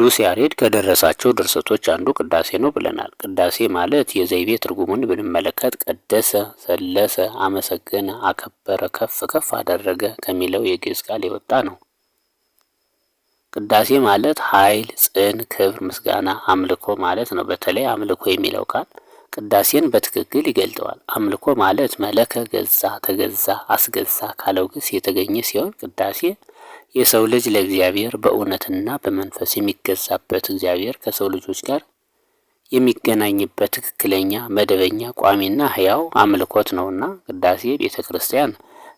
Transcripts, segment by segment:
ቅዱስ ያሬድ ከደረሳቸው ድርሰቶች አንዱ ቅዳሴ ነው ብለናል። ቅዳሴ ማለት የዘይቤ ትርጉሙን ብንመለከት ቀደሰ፣ ሰለሰ፣ አመሰገነ፣ አከበረ፣ ከፍ ከፍ አደረገ ከሚለው የግዕዝ ቃል የወጣ ነው። ቅዳሴ ማለት ኃይል፣ ጽን፣ ክብር፣ ምስጋና፣ አምልኮ ማለት ነው። በተለይ አምልኮ የሚለው ቃል ቅዳሴን በትክክል ይገልጠዋል። አምልኮ ማለት መለከ፣ ገዛ፣ ተገዛ፣ አስገዛ ካለው ግስ የተገኘ ሲሆን ቅዳሴ የሰው ልጅ ለእግዚአብሔር በእውነትና በመንፈስ የሚገዛበት እግዚአብሔር ከሰው ልጆች ጋር የሚገናኝበት ትክክለኛ መደበኛ ቋሚና ሕያው አምልኮት ነውና ቅዳሴ ቤተ ክርስቲያን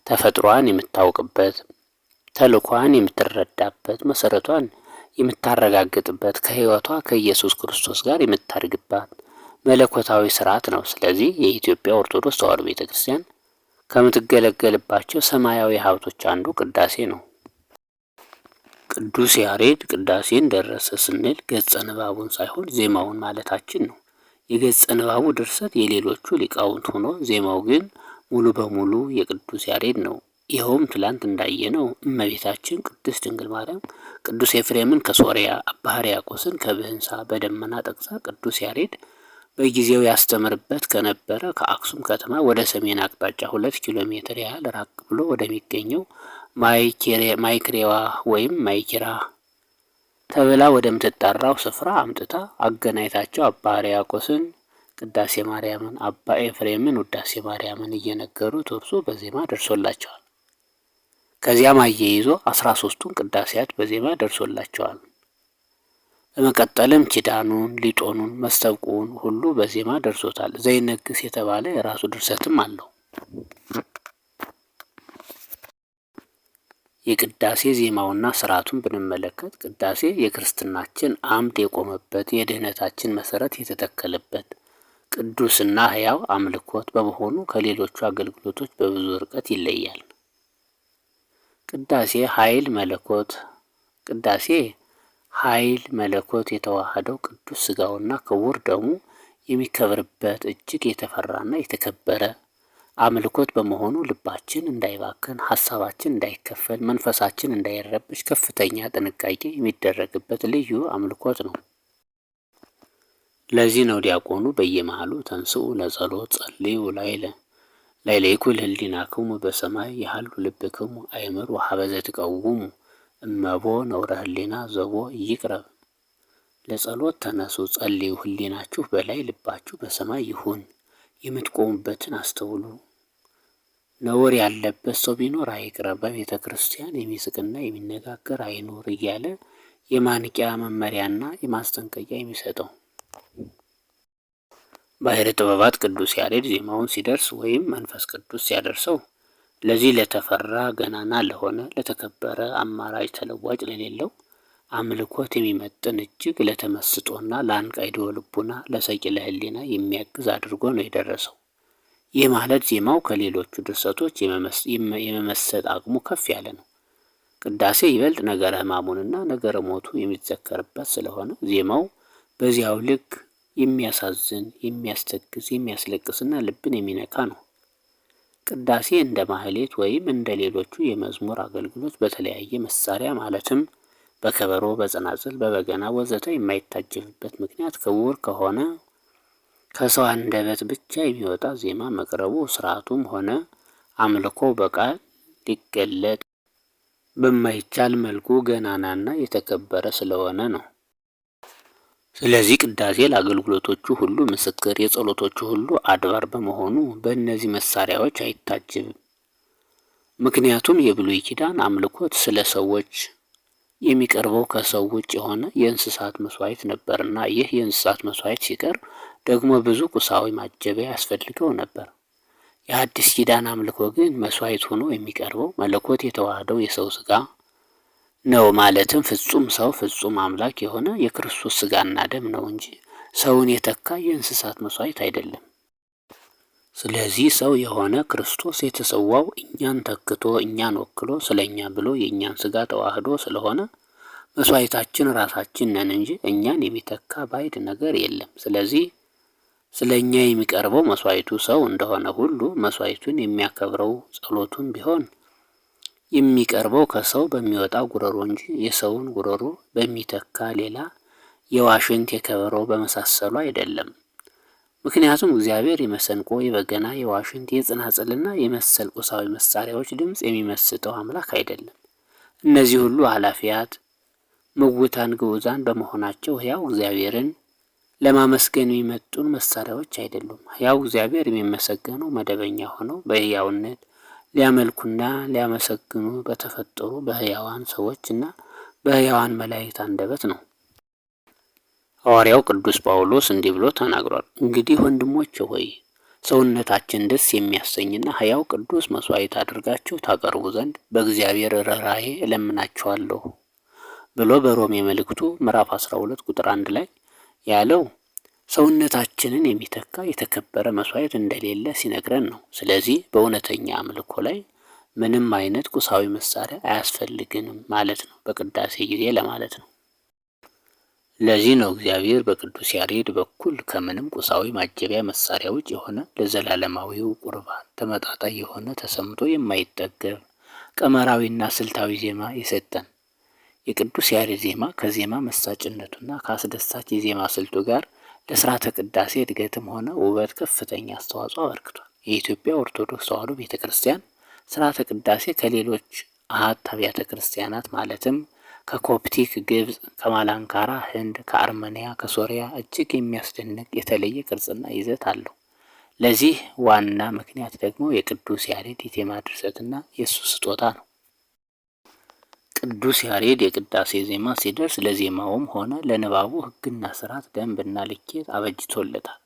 ተፈጥሯን የምታውቅበት ተልኳን የምትረዳበት መሰረቷን የምታረጋግጥበት ከህይወቷ ከኢየሱስ ክርስቶስ ጋር የምታድግባት መለኮታዊ ስርዓት ነው። ስለዚህ የኢትዮጵያ ኦርቶዶክስ ተዋሕዶ ቤተ ክርስቲያን ከምትገለገልባቸው ሰማያዊ ሀብቶች አንዱ ቅዳሴ ነው። ቅዱስ ያሬድ ቅዳሴን ደረሰ ስንል ገጸ ንባቡን ሳይሆን ዜማውን ማለታችን ነው። የገጸ ንባቡ ድርሰት የሌሎቹ ሊቃውንት ሆኖ ዜማው ግን ሙሉ በሙሉ የቅዱስ ያሬድ ነው። ይኸውም ትላንት እንዳየነው እመቤታችን ቅድስት ድንግል ማርያም ቅዱስ ኤፍሬምን ከሶሪያ አባ ሕርያቆስን ከብህንሳ በደመና ጠቅሳ ቅዱስ ያሬድ በጊዜው ያስተምርበት ከነበረ ከአክሱም ከተማ ወደ ሰሜን አቅጣጫ ሁለት ኪሎ ሜትር ያህል ራቅ ብሎ ወደሚገኘው ማይክሬዋ ወይም ማይኪራ ተብላ ወደምትጠራው ስፍራ አምጥታ አገናኝታቸው አባ ሕርያቆስን ቅዳሴ ማርያምን፣ አባ ኤፍሬምን ውዳሴ ማርያምን እየነገሩት እርሱ በዜማ ደርሶላቸዋል። ከዚያም አየይዞ አስራ ሶስቱን ቅዳሴያት በዜማ ደርሶላቸዋል። በመቀጠልም ኪዳኑን፣ ሊጦኑን፣ መስተብቁውን ሁሉ በዜማ ደርሶታል። ዘይነግስ የተባለ የራሱ ድርሰትም አለው። የቅዳሴ ዜማውና ስርዓቱን ብንመለከት ቅዳሴ የክርስትናችን አምድ የቆመበት የድህነታችን መሰረት የተተከለበት ቅዱስና ሕያው አምልኮት በመሆኑ ከሌሎቹ አገልግሎቶች በብዙ ርቀት ይለያል። ቅዳሴ ኃይል መለኮት ቅዳሴ ኃይል መለኮት የተዋሃደው ቅዱስ ስጋውና ክቡር ደሙ የሚከብርበት እጅግ የተፈራና የተከበረ አምልኮት በመሆኑ ልባችን እንዳይባክን፣ ሀሳባችን እንዳይከፈል፣ መንፈሳችን እንዳይረብሽ ከፍተኛ ጥንቃቄ የሚደረግበት ልዩ አምልኮት ነው። ለዚህ ነው ዲያቆኑ በየመሃሉ ተንስኡ ለጸሎት ጸልዩ ላይለ ላይለይኩል ህሊናክሙ በሰማይ ያህሉ ልብክሙ አይምሩ ሀበዘ ትቀውሙ እመቦ ነውረ ህሊና ዘቦ ይቅረብ። ለጸሎት ተነሱ፣ ጸልዩ፣ ህሊናችሁ በላይ ልባችሁ በሰማይ ይሁን። የምትቆሙበትን አስተውሉ። ነውር ያለበት ሰው ቢኖር አይቅረብ፣ በቤተ ክርስቲያን የሚስቅና የሚነጋገር አይኖር እያለ የማንቂያ መመሪያና የማስጠንቀቂያ የሚሰጠው ባሕረ ጥበባት ቅዱስ ያሬድ ዜማውን ሲደርስ ወይም መንፈስ ቅዱስ ሲያደርሰው ለዚህ ለተፈራ ገናና ለሆነ ለተከበረ አማራጭ ተለዋጭ ለሌለው አምልኮት የሚመጥን እጅግ ለተመስጦና ለአንቃይዶ ልቡና ለሰቂ ለህሊና የሚያግዝ አድርጎ ነው የደረሰው። ይህ ማለት ዜማው ከሌሎቹ ድርሰቶች የመመሰጥ አቅሙ ከፍ ያለ ነው። ቅዳሴ ይበልጥ ነገረ ሕማሙንና ነገረ ሞቱ የሚዘከርበት ስለሆነ ዜማው በዚያው ልክ የሚያሳዝን፣ የሚያስተግዝ፣ የሚያስለቅስና ልብን የሚነካ ነው። ቅዳሴ እንደ ማህሌት ወይም እንደ ሌሎቹ የመዝሙር አገልግሎት በተለያየ መሳሪያ ማለትም በከበሮ፣ በጸናጽል፣ በበገና ወዘተ የማይታጀብበት ምክንያት ክቡር ከሆነ ከሰው አንደበት ብቻ የሚወጣ ዜማ መቅረቡ ስርዓቱም ሆነ አምልኮ በቃል ሊገለጥ በማይቻል መልኩ ገናናና የተከበረ ስለሆነ ነው። ስለዚህ ቅዳሴ ለአገልግሎቶቹ ሁሉ ምስክር፣ የጸሎቶቹ ሁሉ አድባር በመሆኑ በእነዚህ መሳሪያዎች አይታጅብም። ምክንያቱም የብሉይ ኪዳን አምልኮት ስለ ሰዎች የሚቀርበው ከሰው ውጭ የሆነ የእንስሳት መስዋዕት ነበርና ይህ የእንስሳት መስዋዕት ሲቀርብ ደግሞ ብዙ ቁሳዊ ማጀቢያ ያስፈልገው ነበር። የአዲስ ኪዳን አምልኮ ግን መስዋዕት ሆኖ የሚቀርበው መለኮት የተዋህደው የሰው ስጋ ነው። ማለትም ፍጹም ሰው ፍጹም አምላክ የሆነ የክርስቶስ ስጋና ደም ነው እንጂ ሰውን የተካ የእንስሳት መስዋዕት አይደለም። ስለዚህ ሰው የሆነ ክርስቶስ የተሰዋው እኛን ተክቶ እኛን ወክሎ ስለ እኛ ብሎ የእኛን ስጋ ተዋህዶ ስለሆነ መስዋዕታችን ራሳችን ነን እንጂ እኛን የሚተካ ባዕድ ነገር የለም። ስለዚህ ስለ እኛ የሚቀርበው መስዋዕቱ ሰው እንደሆነ ሁሉ መስዋዕቱን የሚያከብረው ጸሎቱን ቢሆን የሚቀርበው ከሰው በሚወጣ ጉረሮ እንጂ የሰውን ጉረሮ በሚተካ ሌላ የዋሽንት የከበሮ በመሳሰሉ አይደለም። ምክንያቱም እግዚአብሔር የመሰንቆ፣ የበገና፣ የዋሽንት፣ የጽናጽልና የመሰል ቁሳዊ መሳሪያዎች ድምፅ የሚመስጠው አምላክ አይደለም። እነዚህ ሁሉ ኃላፊያት ምውታን፣ ግዑዛን በመሆናቸው ሕያው እግዚአብሔርን ለማመስገን የሚመጡን መሳሪያዎች አይደሉም። ሕያው እግዚአብሔር የሚመሰገነው መደበኛ ሆነው በሕያውነት ሊያመልኩና ሊያመሰግኑ በተፈጠሩ በሕያዋን ሰዎችና በሕያዋን መላእክት አንደበት ነው። ሐዋርያው ቅዱስ ጳውሎስ እንዲህ ብሎ ተናግሯል። እንግዲህ ወንድሞች ሆይ ሰውነታችን ደስ የሚያሰኝና ሕያው ቅዱስ መስዋዕት አድርጋችሁ ታቀርቡ ዘንድ በእግዚአብሔር ርኅራኄ እለምናችኋለሁ ብሎ በሮሜ መልእክቱ ምዕራፍ 12 ቁጥር 1 ላይ ያለው ሰውነታችንን የሚተካ የተከበረ መስዋዕት እንደሌለ ሲነግረን ነው። ስለዚህ በእውነተኛ አምልኮ ላይ ምንም አይነት ቁሳዊ መሳሪያ አያስፈልግንም ማለት ነው፣ በቅዳሴ ጊዜ ለማለት ነው። ለዚህ ነው እግዚአብሔር በቅዱስ ያሬድ በኩል ከምንም ቁሳዊ ማጀቢያ መሳሪያ ውጭ የሆነ ለዘላለማዊው ቁርባን ተመጣጣኝ የሆነ ተሰምቶ የማይጠገብ ቀመራዊና ስልታዊ ዜማ የሰጠን። የቅዱስ ያሬድ ዜማ ከዜማ መሳጭነቱና ከአስደሳች የዜማ ስልቱ ጋር ለስርዓተ ቅዳሴ እድገትም ሆነ ውበት ከፍተኛ አስተዋጽኦ አበርክቷል። የኢትዮጵያ ኦርቶዶክስ ተዋሕዶ ቤተ ክርስቲያን ስርዓተ ቅዳሴ ከሌሎች አሃት አብያተ ክርስቲያናት ማለትም ከኮፕቲክ ግብፅ፣ ከማላንካራ ህንድ፣ ከአርመንያ፣ ከሶሪያ እጅግ የሚያስደንቅ የተለየ ቅርጽና ይዘት አለው። ለዚህ ዋና ምክንያት ደግሞ የቅዱስ ያሬድ የቴማ ድርሰትና የእሱ ስጦታ ነው። ቅዱስ ያሬድ የቅዳሴ ዜማ ሲደርስ ለዜማውም ሆነ ለንባቡ ህግና ስርዓት፣ ደንብና ልኬት አበጅቶለታል።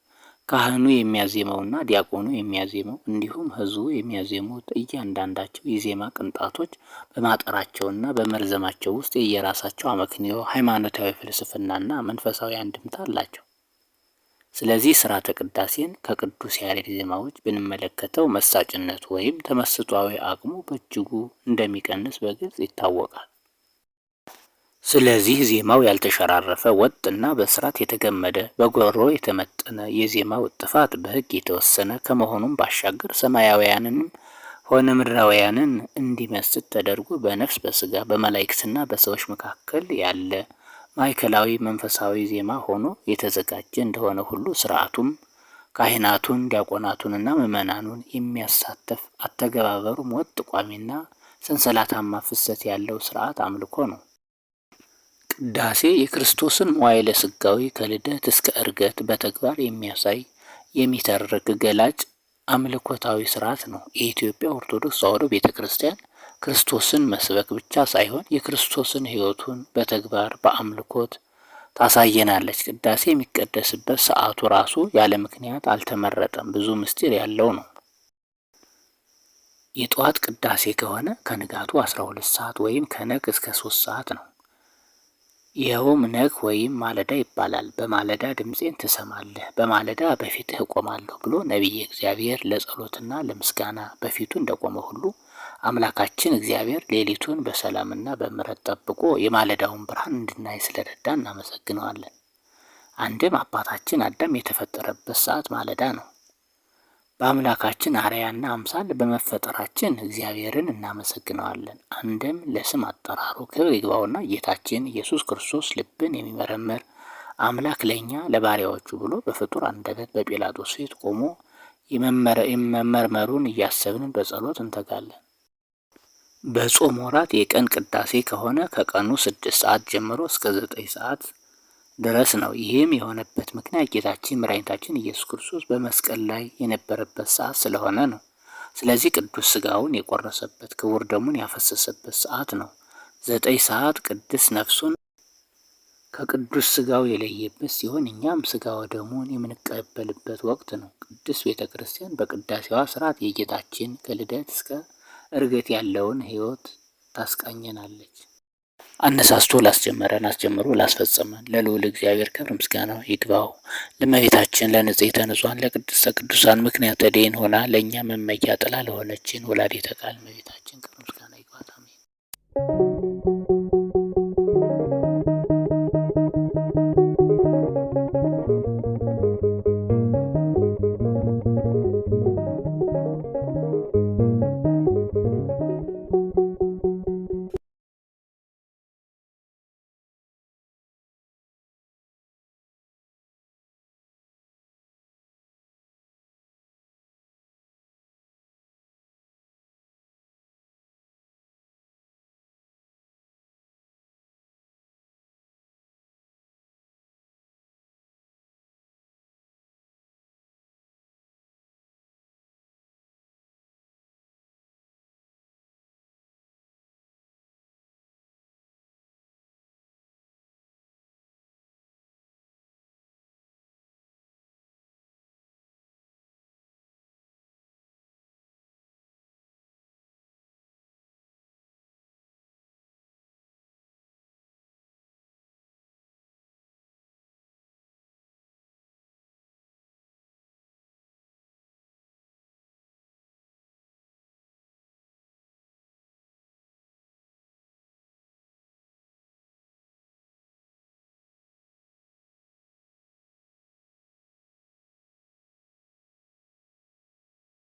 ካህኑ የሚያዜመውና ዲያቆኑ የሚያዜመው እንዲሁም ህዝቡ የሚያዜመው እያንዳንዳቸው የዜማ ቅንጣቶች በማጠራቸውና በመርዘማቸው ውስጥ የየራሳቸው አመክንዮ፣ ሃይማኖታዊ ፍልስፍናና መንፈሳዊ አንድምታ አላቸው። ስለዚህ ሥርዓተ ቅዳሴን ከቅዱስ ያሬድ ዜማዎች ብንመለከተው መሳጭነቱ ወይም ተመስጧዊ አቅሙ በእጅጉ እንደሚቀንስ በግልጽ ይታወቃል። ስለዚህ ዜማው ያልተሸራረፈ ወጥና በስርዓት የተገመደ በጎሮ የተመጠነ የዜማው ጥፋት በህግ የተወሰነ ከመሆኑም ባሻገር ሰማያውያንንም ሆነ ምድራውያንን እንዲመስል ተደርጎ በነፍስ በስጋ በመላእክትና በሰዎች መካከል ያለ ማዕከላዊ መንፈሳዊ ዜማ ሆኖ የተዘጋጀ እንደሆነ ሁሉ ስርዓቱም ካህናቱን ዲያቆናቱንና ምዕመናኑን የሚያሳተፍ አተገባበሩም ወጥ ቋሚና ሰንሰላታማ ፍሰት ያለው ስርዓት አምልኮ ነው። ቅዳሴ የክርስቶስን መዋዕለ ሥጋዌ ከልደት እስከ እርገት በተግባር የሚያሳይ የሚተርክ ገላጭ አምልኮታዊ ስርዓት ነው። የኢትዮጵያ ኦርቶዶክስ ተዋሕዶ ቤተ ክርስቲያን ክርስቶስን መስበክ ብቻ ሳይሆን የክርስቶስን ሕይወቱን በተግባር በአምልኮት ታሳየናለች። ቅዳሴ የሚቀደስበት ሰዓቱ ራሱ ያለ ምክንያት አልተመረጠም፣ ብዙ ምስጢር ያለው ነው። የጠዋት ቅዳሴ ከሆነ ከንጋቱ 12 ሰዓት ወይም ከነግ እስከ 3 ሰዓት ነው። ይኸውም ነግ ወይም ማለዳ ይባላል። በማለዳ ድምፄን ትሰማለህ፣ በማለዳ በፊትህ እቆማለሁ ብሎ ነቢየ እግዚአብሔር ለጸሎትና ለምስጋና በፊቱ እንደቆመ ሁሉ አምላካችን እግዚአብሔር ሌሊቱን በሰላምና በምሕረት ጠብቆ የማለዳውን ብርሃን እንድናይ ስለረዳ እናመሰግነዋለን። አንድም አባታችን አዳም የተፈጠረበት ሰዓት ማለዳ ነው። በአምላካችን አርያና አምሳል በመፈጠራችን እግዚአብሔርን እናመሰግነዋለን። አንድም ለስም አጠራሩ ክብር ይግባውና ጌታችን ኢየሱስ ክርስቶስ ልብን የሚመረምር አምላክ ለእኛ ለባሪያዎቹ ብሎ በፍጡር አንደበት በጲላጦስ ፊት ቆሞ የመመርመሩን እያሰብን በጸሎት እንተጋለን። በጾም ወራት የቀን ቅዳሴ ከሆነ ከቀኑ ስድስት ሰዓት ጀምሮ እስከ ዘጠኝ ሰዓት ድረስ ነው። ይህም የሆነበት ምክንያት ጌታችን መድኃኒታችን ኢየሱስ ክርስቶስ በመስቀል ላይ የነበረበት ሰዓት ስለሆነ ነው። ስለዚህ ቅዱስ ስጋውን የቆረሰበት ክቡር ደሙን ያፈሰሰበት ሰዓት ነው። ዘጠኝ ሰዓት ቅዱስ ነፍሱን ከቅዱስ ስጋው የለየበት ሲሆን እኛም ስጋው ደሙን የምንቀበልበት ወቅት ነው። ቅዱስ ቤተ ክርስቲያን በቅዳሴዋ ስርዓት የጌታችን ከልደት እስከ እርገት ያለውን ሕይወት ታስቃኘናለች። አነሳስቶ ላስጀመረን አስጀምሮ ላስፈጸመን ለልዑል እግዚአብሔር ክብር ምስጋና ይግባው። ለመቤታችን ለንጽሕተ ንጹሐን ለቅድስተ ቅዱሳን ምክንያተ ድኅን ሆና ለእኛ መመኪያ ጥላ ለሆነችን ወላዲተ ቃል መቤታችን ክብር ምስጋና ይግባት። አሜን።